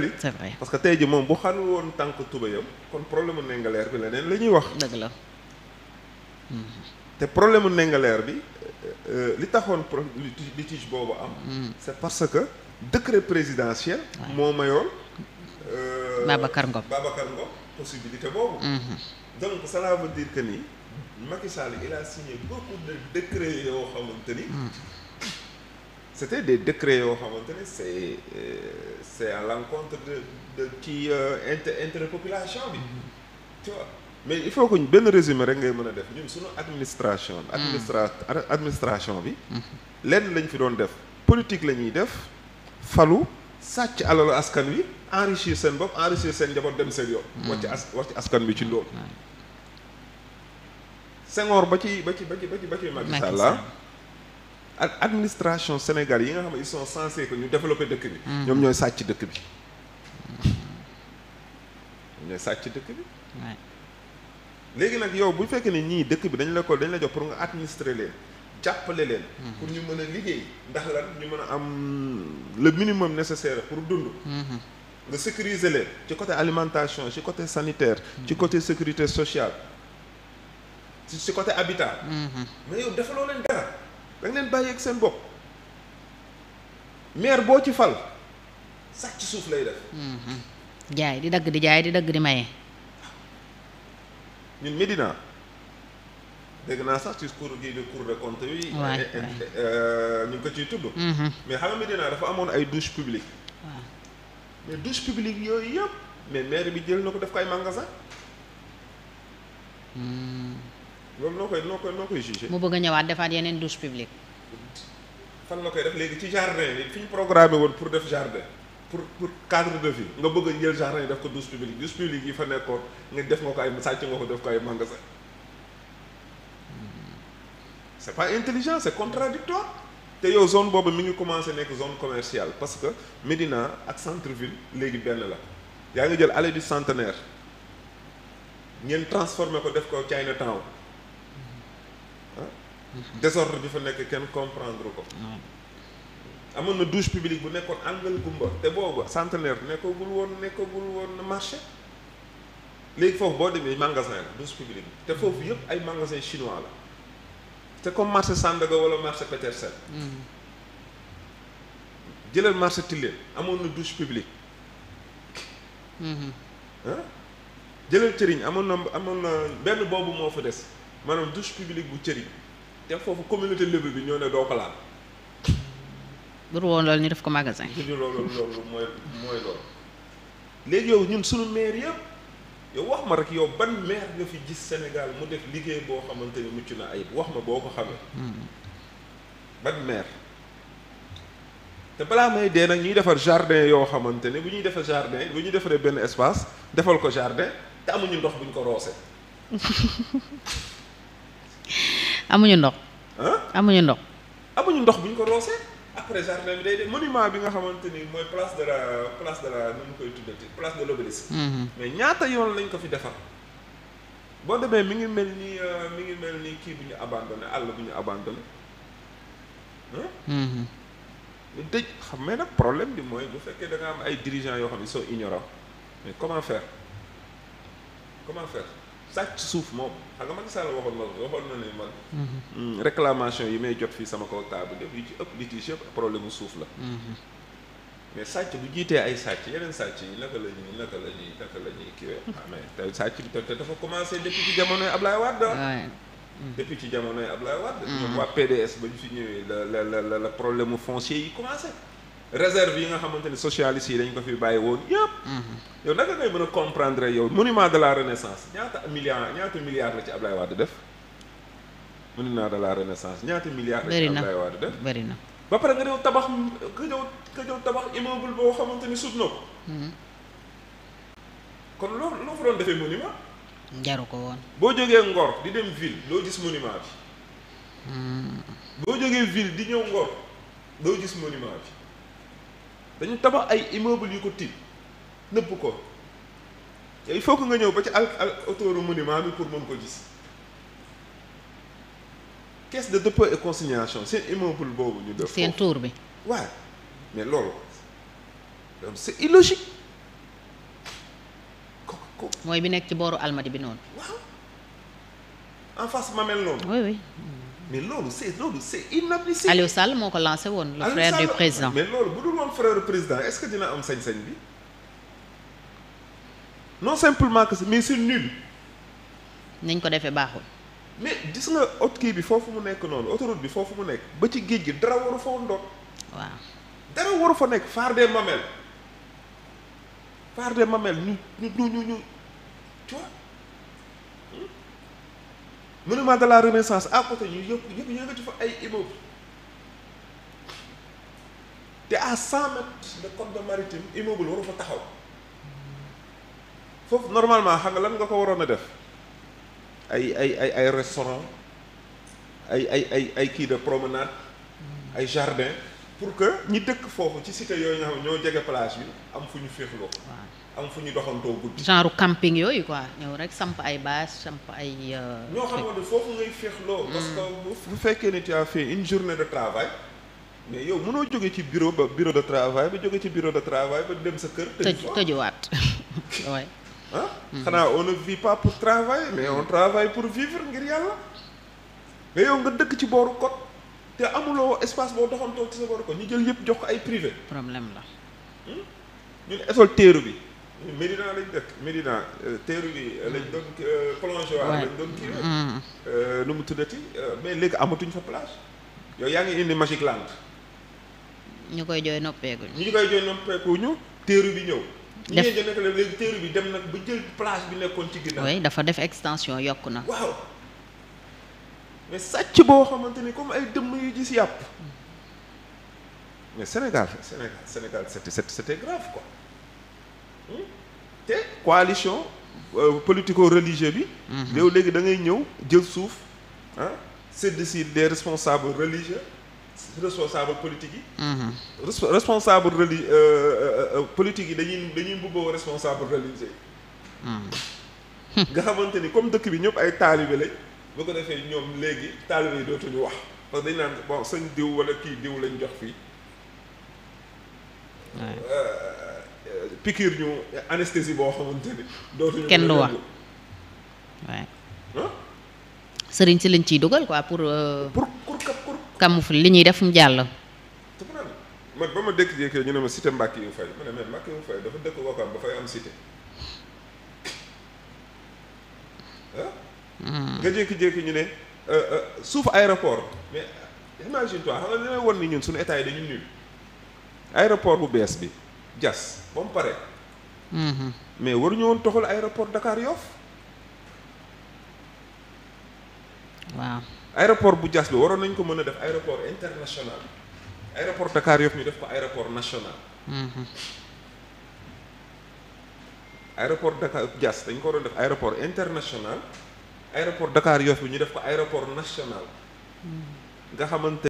tëli parce que tey ji moom bu xanu woon tànk tubayam kon problème u nengaleer bi leneen la ñuy wax dëgg la hmm. te problème u nengaleer bi euh, euh, li taxoon litige boobu am hmm. c'est parce que décret présidentiel moo mayoon euh, Babacar Ngom Babacar Ngom possibilité boobu hmm. donc cela veut dire que nii Macky Sall il a signé yoo xamante ni c'était des décrets yoo xamante ne c'est euh, c'est à l'encontre de de ci euh, inter interpopulation bi mm-hmm. tu mais il faut que ñu benn résumé rek ngay mën a def ñun suñu administration mm. administra administration bi mm-hmm. lenn lañ fi doon def politique la ñuy def falu sàcc alalu askan wi enrichir seen bopp enrichir seen njaboot dem seen yoon mm. wax ci as wax ci askan bi ci ndóol Senghor ba ci ba ci ba ci ba ci Macky Sall ah, ak administration Sénégal yi nga xam ne ils sont censés que ñu développer dëkk bi. Mm. ñoom ñooy sàcc dëkk bi. ñooy sàcc dëkk bi. léegi nag yow bu fekkee ni ñii dëkk bi dañu la ko dañ la jox pour nga administrer leen jàppale leen. Mm. pour ñu mën a liggéey ndax lan ñu mën a am le minimum nécessaire pour dund. Mm-hmm. nga sécuriser leen ci côté alimentation ci côté sanitaire. ci mm-hmm. côté sécurité sociale. ci côté habitat. Mm-hmm. mais yow defaloo leen dara. da nga leen bàyyi seen bopp maire boo ci fal sàcc suuf lay def. Mm-hmm. jaay di dagg di jaay di dagg di maye. ñun Médina dégg naa sax ci cour gi de cour de compte yi. waay eh, eh, eh, ko ciy tudd. Mm-hmm. mais xam Médina dafa amoon ay douche publique. waaw mais douche publique yooyu yëpp mais maire bi jël na ko def ko ay magasin. Mm. loolu noo koy noo koy noo koy jugé. mu bëgg a ñëwaat defaat yeneen douche publique. fan la koy def léegi ci jardin yi fi ñu programmé woon pour def jardin pour pour cadre de vie nga bëgg jël jardin yi def ko douche publique douche publique yi fa nekkoon nga def nga ko ay sàcc nga ko def ko ay magasin. c'est pas intelligent c'est contradictoire te yow zone boobu mu ngi commencé nekk zone commercial parce que Médina ak centre-ville léegi benn la yaa ngi jël allée di centenaire ngeen transformé ko def ko Chinatown désordre bi fa nekk kenn comprendre ko amoon na douche publique bu nekkoon angle gumba te boobu centenaire nekkagul woon nekkagul woon na marché léegi foofu boo demee mangasin la douche publique bi te foofu yëpp ay magasin chinois la te comme marché Sandaga wala marché Petersen mm-hmm. jëlal marché Tilène amoon na douche publique ah jëlal cëriñ amoon na amoon na benn boobu moo fa des maanaam douche publique bu cëriñ te foofu communauté lébu bi ñoo ne doo ko laal. bu dul def ko magasin. loolu loolu mooy mooy loolu. léegi yow ñun suñu maire yëpp yow wax ma rek yow ban maire nga fi gis Sénégal mu def liggéey boo xamante ni mucc na ayib wax ma boo ko xamee. Hmm. ban maire. te balaa may dee nag ñuy defar jardin yoo xamante ne bu ñuy defar jardin bu ñuy defaree benn espace defal ko jardin te amuñu ndox buñ ko roose. amuñu ndox. amuñu ndox. amuñu ndox bu ñu ko roosee après jardin bi day de monument bi nga xamante ni mooy place de la place de la nu mu koy tuddati place de l'obélisque. Mhm. mais ñaata yoon lañ ko fi defar. boo demee mi ngi mel ni euh, mi ngi mel ni kii bu ñu abandonné àll bu ñu abandonné. Mhm. ñu tëj xam nga nag problème bi mooy bu fekkee da nga am ay dirigeants yoo xam ne sont ignorants mais comment faire comment faire. sàcc suuf moom xam nga Macky Sall waxoon na waxoon na ne man. Mhm. réclamation yi may jot fii sama comptable yëpp yu ci ëpp litige yëpp problème mu suuf la. Mhm. mais sàcc bu jiitee ay sàcc yeneen sàcc yi naka la ñuy naka la ñuy naka la kiiwee. Mhm. Ah, mais te sàcc bi te dafa commencé depuis ci jamonoy Ablaye Wade. depuis ci jamonoy Ablaye Wade. ñoom waa PDS ba ñu fi ñëwee la la la la problème mu foncier yi commencé. réserve yi nga xamante ni socialiste yi dañ ko fi bàyyi woon yëpp. Mm-hmm. yow naka ngay mën a comprendre yow monument de la renaissance ñaata milliards ñaata milliards la ci Ablaye Wade def. monument de la renaissance ñaata milliards. la ci Ablaye Wade def bëri na ba pare nga ñëw tabax nga ñëw nga ñëw tabax immeuble boo xamante ni sut na ko. Mm-hmm. kon loo loo fa doon defee monument. jaru ko woon. boo jógee Ngor di dem ville doo gis monument bi. Mm-hmm. boo jógee ville di ñëw Ngor doo gis monument bi. dañu tabax ay immeuble yu ko tiim nëbb ko il faut que nga ñëw ba ci ak ak autoru monument bi pour mën ko gis caisse de dépôt et consignation seen immeuble boobu ñu def seen tour bi waaw mais loolu c'est illogique ko mooy bi nekk ci booru almadi bi noonu waaw en face Mamelles noonu mais loolu c'est loolu c'est inadmissible. Aliou Sall moo ko lancé woon. le frère du président mais loolu bu dul woon frère du président est-ce que dina am sañ-sañ bi non simplement que mais c'est nul. nañ ko defee baaxul. mais gis nga ot kii bi foofu mu nekk noonu autoroute bi foofu mu nekk ba ci géej gi dara waru fa woon doon. waaw dara waru fa nekk phare des Mamelles phare des Mamelles ñu ñu ñu ñu tu monument de la renaissance à côté ñu yëpp yëpp ñu nga ci fa ay immeuble te à cent mètres de côte de maritime immeuble waru fa taxaw foofu normalement xam nga lan nga ko waroon a def ay ay ay ay restaurant ay ay ay ay kii de promenade ay jardin pour que ñi dëkk foofu ci cité yooyu nga xam ne ñoo jege plage bi am fu ñu féexloo am fu ñu doxantoo guddi. genre camping yooyu quoi ñëw rek samp ay bâche samp ay. Euh, ñoo xamante foofu ngay féexloo. Hmm. parce bu fekkee ne tu as fait une journée de travail. mais yow mënoo jóge ci bureau ba bureau de travail ba jóge ci bureau de travail ba dem sa kër. tëj tëjuwaat waay. ah hmm. xanaa on ne vit pas pour travailler mais on travaille pour vivre ngir yàlla. mais yow nga dëkk ci booru kot te amuloo espace boo doxantoo ci sa booru kot ñu jël yëpp jox ko ay privé. problème la. Hmm? ñun esol bi. Médina lañ dëkk Médina euh, teeru bi euh, lañ doon euh, plongé waaw lañ doon kii mm. nu mu tuddati mais léegi amatuñ fa place yow yaa ngi indi Magic Land ñu koy jooy noppeeku ñu koy jooy noppeeku ñu teeru bi ñëw def ñu nekk la léegi teeru bi dem nag ba jël place bi nekkoon ci ginnaaw oui dafa def extension yokk na waaw mais sàcc boo xamante ni comme ay dëmm yu gis yàpp mm. mais Sénégal Sénégal Sénégal c'était c'était grave quoi te coalition euh, politico religieux bi. Mhm. yow léegi da ñëw jël suuf ah sédd si des responsables religieux responsables politiques yi. Mhm. responsable reli euh, euh, politique yi dañuy dañuy bëggoo responsable religieux yi. Mhm. nga xamante ni comme dëkk bi ñëpp ay taalibe lañ boo ko defee ñoom léegi taalibe yi dootuñu wax parce que dañ naan bon sëñ diw wala kii diw lañ jox fii. piqûre ñu anesthésie boo xamante ni dootuñu kenn du wax waaw sëriñ si lañ ciy dugal quoi pour euh, pour pour pour fi li ñuy def mu jàll man ba ma dëkk jékkee ñu ne ma cité Mbacke yu fay mais Mbacke yu fay dafa dëkk Wakaam ba fay jékki-jékki ñu ne euh, euh, suuf aéroport mais imagine toi xam nga li may won ni ñun suñu état yi dañu nul aéroport bu bees bi jas ba mu pare. Mm-hmm. mais waruñu woon toxal aéroport Dakar Yoff. waaw. aéroport bu jas bi waroon nañ ko mën a def aéroport international aéroport Dakar Yoff ñu def ko aéroport national. Mm-hmm. aéroport Dakar jas dañ ko waroon def aéroport international aéroport Dakar bi ñu def ko aéroport national. Mm-hmm. nga xamante.